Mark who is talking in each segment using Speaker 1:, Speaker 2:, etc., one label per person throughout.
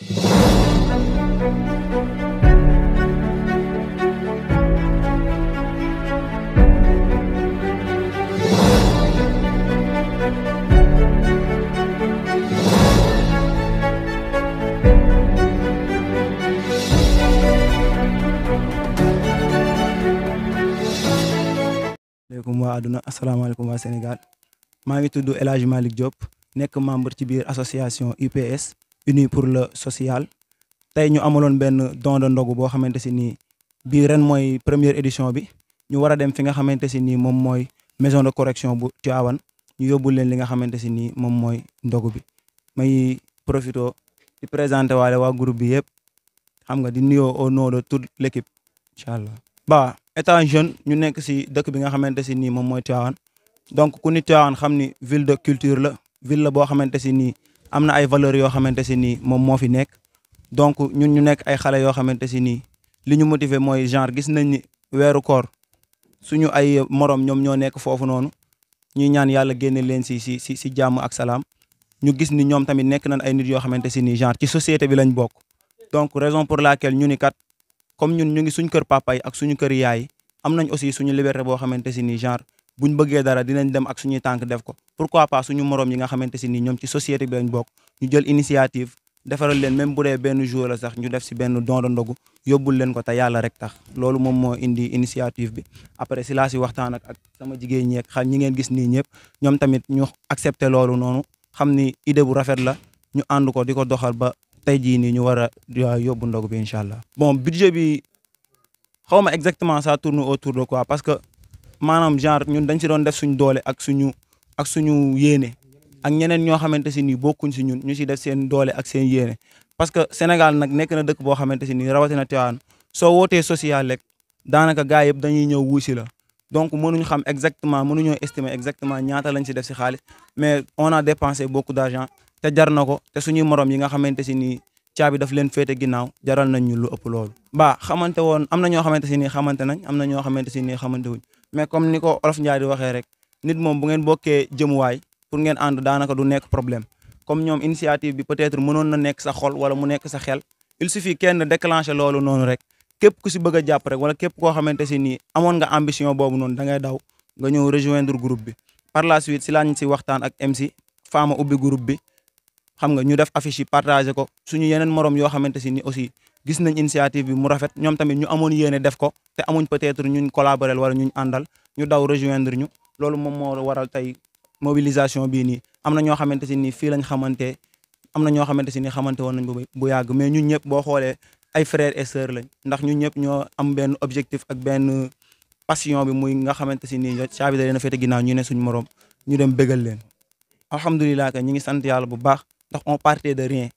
Speaker 1: asalaamaaleykum waa àdduna asalaamaaleykum waa Sénégal maa ngi tudd El Hadj Malick Diop nekk membre ci biir association UPS unis pour le sociale tey ñu amaloon benn don de ndogu boo xamante si nii bii ren mooy première édition bi ñu war a dem fi nga xamante si nii moom mooy maison de correction bu Tivaouane ñu leen li nga xamante si nii moom mooy ndogu bi may profito di présenté waale waa groupe bi yëpp xam nga di nuyoo au nom de toute l' équipe allah ba étant jeune ñu nekk si dëkk bi nga xamante si nii moom mooy Tivaouane donc ku ni xam ni ville de culture la ville la boo xamante si nii am na ay valeurs yoo xamante si nii moom moo fi nekk donc ñun ñu nekk ay xale yoo xamante si nii li ñu motiver mooy genre gis nañ ni weeru koor suñu ay morom ñoom ñoo nekk foofu noonu ñuy ñaan yàlla génne leen si si si si jàmm ak salaam ñu gis ni ñoom tamit nekk nañ ay nit yoo xamante si nii genre ci société bi lañ bokk donc raison pour laquelle ñu ni kat comme ñun ñu ngi suñ kër papa yi ak suñu kër yaay am nañ aussi suñu liberté boo xamante si ni genre buñ bëggee dara dinañ dem ak suñuy tànk def ko pourquoi pas suñu morom yi nga xamante si ni ñoom ci société bi lañ bokk ñu jël initiative defaral leen même bu benn jour la sax ñu def si benn don ndogu yóbbul leen ko te yàlla rek tax loolu moom moo indi initiative bi après si laa si waxtaan ak sama jigéen ñi ak xam ñi ngeen gis nii ñëpp ñoom tamit ñu accepté loolu noonu xam ni idée bu rafet la ñu ànd ko di ko doxal ba tey jii nii ñu war a yóbbu ndogu bi incha allah. bon budget bi xaw ma exactement ça tourne autour de que maanaam genre ñun dañ si doon def suñu doole ak ak suñu yéene ak ñeneen ñoo xamante si ni bokkuñ si ñun ñu si def seen doole ak seen yéene parce que Sénégal nag nekk na dëkk boo xamante si ni rawatina Tivaouane soo wootee social rek daanaka gars yëpp dañuy ñëw donc mënuñu xam exactement mënuñoo estimer exactement ñaata lañ si def si xaalis mais on a dépensé beaucoup d'argent te jar na ko te suñuy morom yi nga xamante si ni caabi daf leen féete ginnaaw jaral nañ ñu lu ëpp loolu. ba xamante woon am na ñoo xamante si ni xamante nañ am na ñoo xamante si ni xamante nit moom bu ngeen bokkee jëmuwaay pour ngeen ànd daanaka du nekk problème comme ñoom initiative bi peut-être mënoon na nekk sa xol wala mu nekk sa xel il suffit kenn déclencher loolu noonu rek képp ku si bëgg a jàpp rek wala képp koo xamante si nii amoon nga ambition boobu noonu da daw nga ñëw rejoindre groupe bi par la suite si lañ si waxtaan ak MC Fama ubbi groupe bi xam nga ñu def affiche yi ko suñu yeneen morom yoo xamante si ni aussi gis nañ initiative bi mu rafet ñoom tamit ñu amoon yéene def ko te amuñ peut-être ñuñ collaborer wala ñuñ àndal ñu daw rejoindre ñu loolu moom moo waral tey mobilisation bii nii am na ñoo xamante si ni fii lañ xamante am na ñoo xamante si ni xamante woon nañ bu bu yàgg mais ñun ñëpp boo xoolee ay frères et lañ ndax ñun ñëpp ñoo am benn objectif ak benn passion bi muy nga xamante si ni caabi da leen a fete ñu ne suñu morom ñu dem bégal leen alhamdulilah kay ñu ngi sant yàlla bu baax ndax on partie de rien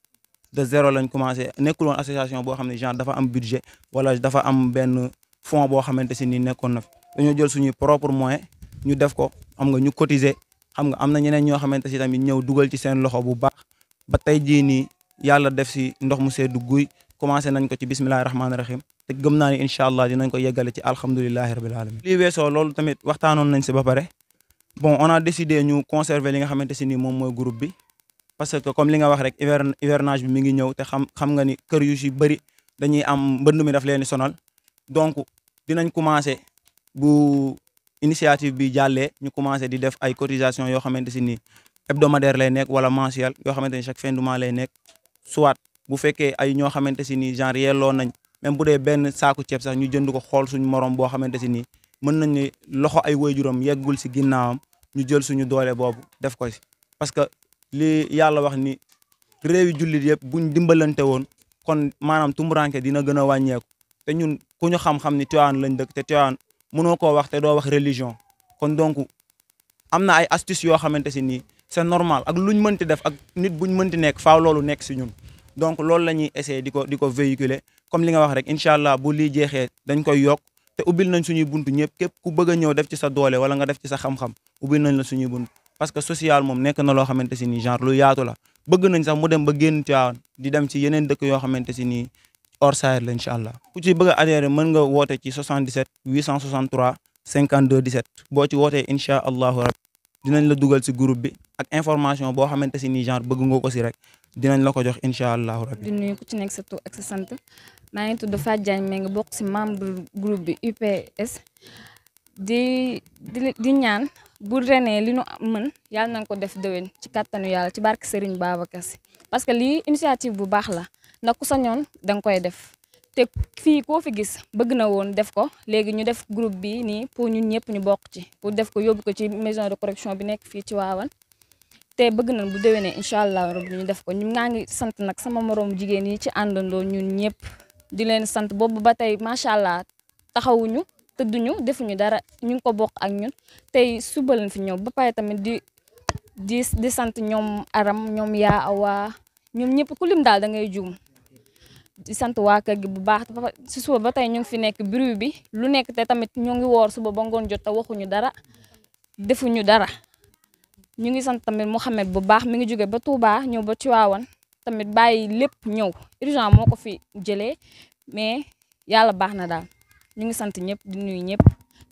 Speaker 1: de zéro lañ commencé nekkul woon association boo xam ne genre dafa am budget wala dafa am benn fonds boo xamante si ni nekkoon na fi dañoo jël ñu def ko xam nga ñu cotiser xam nga am na ñeneen ñoo xamante si tamit ñëw dugal ci seen loxo bu baax ba tey jii nii yàlla def si ndox mu seddu guy commencé nañ ko ci bismillahi rahmaani rahim te gëm naa ne incha allah dinañ ko yeggale ci alhamdulilahi rabil alamin lii weesoo loolu tamit waxtaanoon nañ si ba pare bon on a décidé ñu conserver li nga xamante si nii moom mooy group bi parce que comme li nga wax rek hivernage bi mi ngi ñëw te xam xam nga ni kër yu si bëri dañuy am mbënd mi daf leen sonal donc dinañ commencé bu initiative bi jàllee ñu commencé di def ay cotisation yoo xamante si ni hebdomadaire lay nekk wala mensuel yoo xamante ni chaque fin du mois lay nekk bu fekkee ay ñoo xamante si ni genre yelloo nañ même bu dee benn saaku ceeb sax ñu jënd ko xool suñu morom boo xamante si ni mën nañ ni loxo ay waajuram yeggul si ginnaawam ñu jël suñu doole boobu def ko si parce que li yàlla wax ni réewi jullit yëpp buñ dimbalante woon kon maanaam tumuranke dina gën a wàññeeku te ñun ku xam-xam ni Tivaouane lañ dëkk te mënoo koo wax te doo wax religion kon donc am na ay astuces yoo xamante si nii c'est normal ak lu ñu mënti def ak nit buñ mënti nekk faaw loolu nekk si ñun donc loolu la ñuy essayer di ko di ko véhiculer comme li nga wax rek incha allah bu li jeexee dañ koy yokk te ubil nañ suñuy buntu ñëpp képp ku bëgg a ñëw def ci sa doole wala nga def ci sa xam nañ la suñuy buntu parce que social moom nekk na loo xamante si nii genre lu yaatu la bëgg nañ sax mu dem ba génn Tivaouane di dem ci yeneen dëkk yoo xamante si nii hors Sahel la incha allah ku ci bëgg a adhéré mën nga woote ci 77 863 52 17 boo ci wootee incha allahu rabbi dinañ la dugal si groupe bi ak information boo xamante si ni genre bëgg nga ko si rek dinañ la ko jox incha allahu
Speaker 2: rabbi. di nuyu ku ci nekk sa tur ak sant maa ngi tudd Fatou Diagne mais nga bokk si membre groupe bi p di di di ñaan. bu renee li nu mën yàlla nañ ko def déwén ci kàttanu yàlla ci barke Serigne Babacar Sy ndax ku sañoon danga koy def te fii koo fi gis bëgg na woon def ko léegi ñu def groupe bi nii pour ñun ñëpp ñu bokk ci pour def ko yóbbu ko ci maison de correction bi nekk fii ci waawan te bëgg na bu déwénee incha allah ñu def ko ñu ngaa ngi sant nag sama moroom jigéen yi ci àndandoo ñun ñëpp di leen sant boobu ba tey macha allah taxawuñu tëdduñu defuñu dara ñu ngi ko bokk ak ñun tey suba leen fi ñëw ba pare tamit di di di sant ñoom aram ñoom ya awaa ñoom ñëpp ku lim daal da ngay juum di sant waa kër gi bu baax si suba ba tey ñu ngi fi nekk bruit bi lu nekk te tamit ñu ngi woor suba ba ngoon jot te waxuñu dara defuñu dara ñu ngi sant tamit Mouhamed bu baax mi ngi jóge ba Touba ñëw ba Tiwaawan tamit bàyyi lépp ñëw urgent moo ko fi jëlee mais yàlla baax na daal ñu ngi sant ñëpp di nuyu ñëpp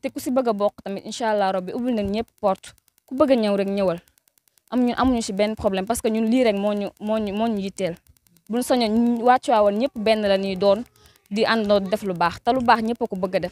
Speaker 2: te si bëgg bokk tamit incha allah rabbi ubbil nañ ñëpp porte ku bëgg ñëw rek ñëwal am ñun amuñu si benn problème parce que ñun lii rek moo ñu moo ñu moo ñu yitteel buñ sañoon waa Tiwaawan ñëpp benn la ñuy doon di àndoo def lu baax te lu baax ñëpp a ko bëgg a def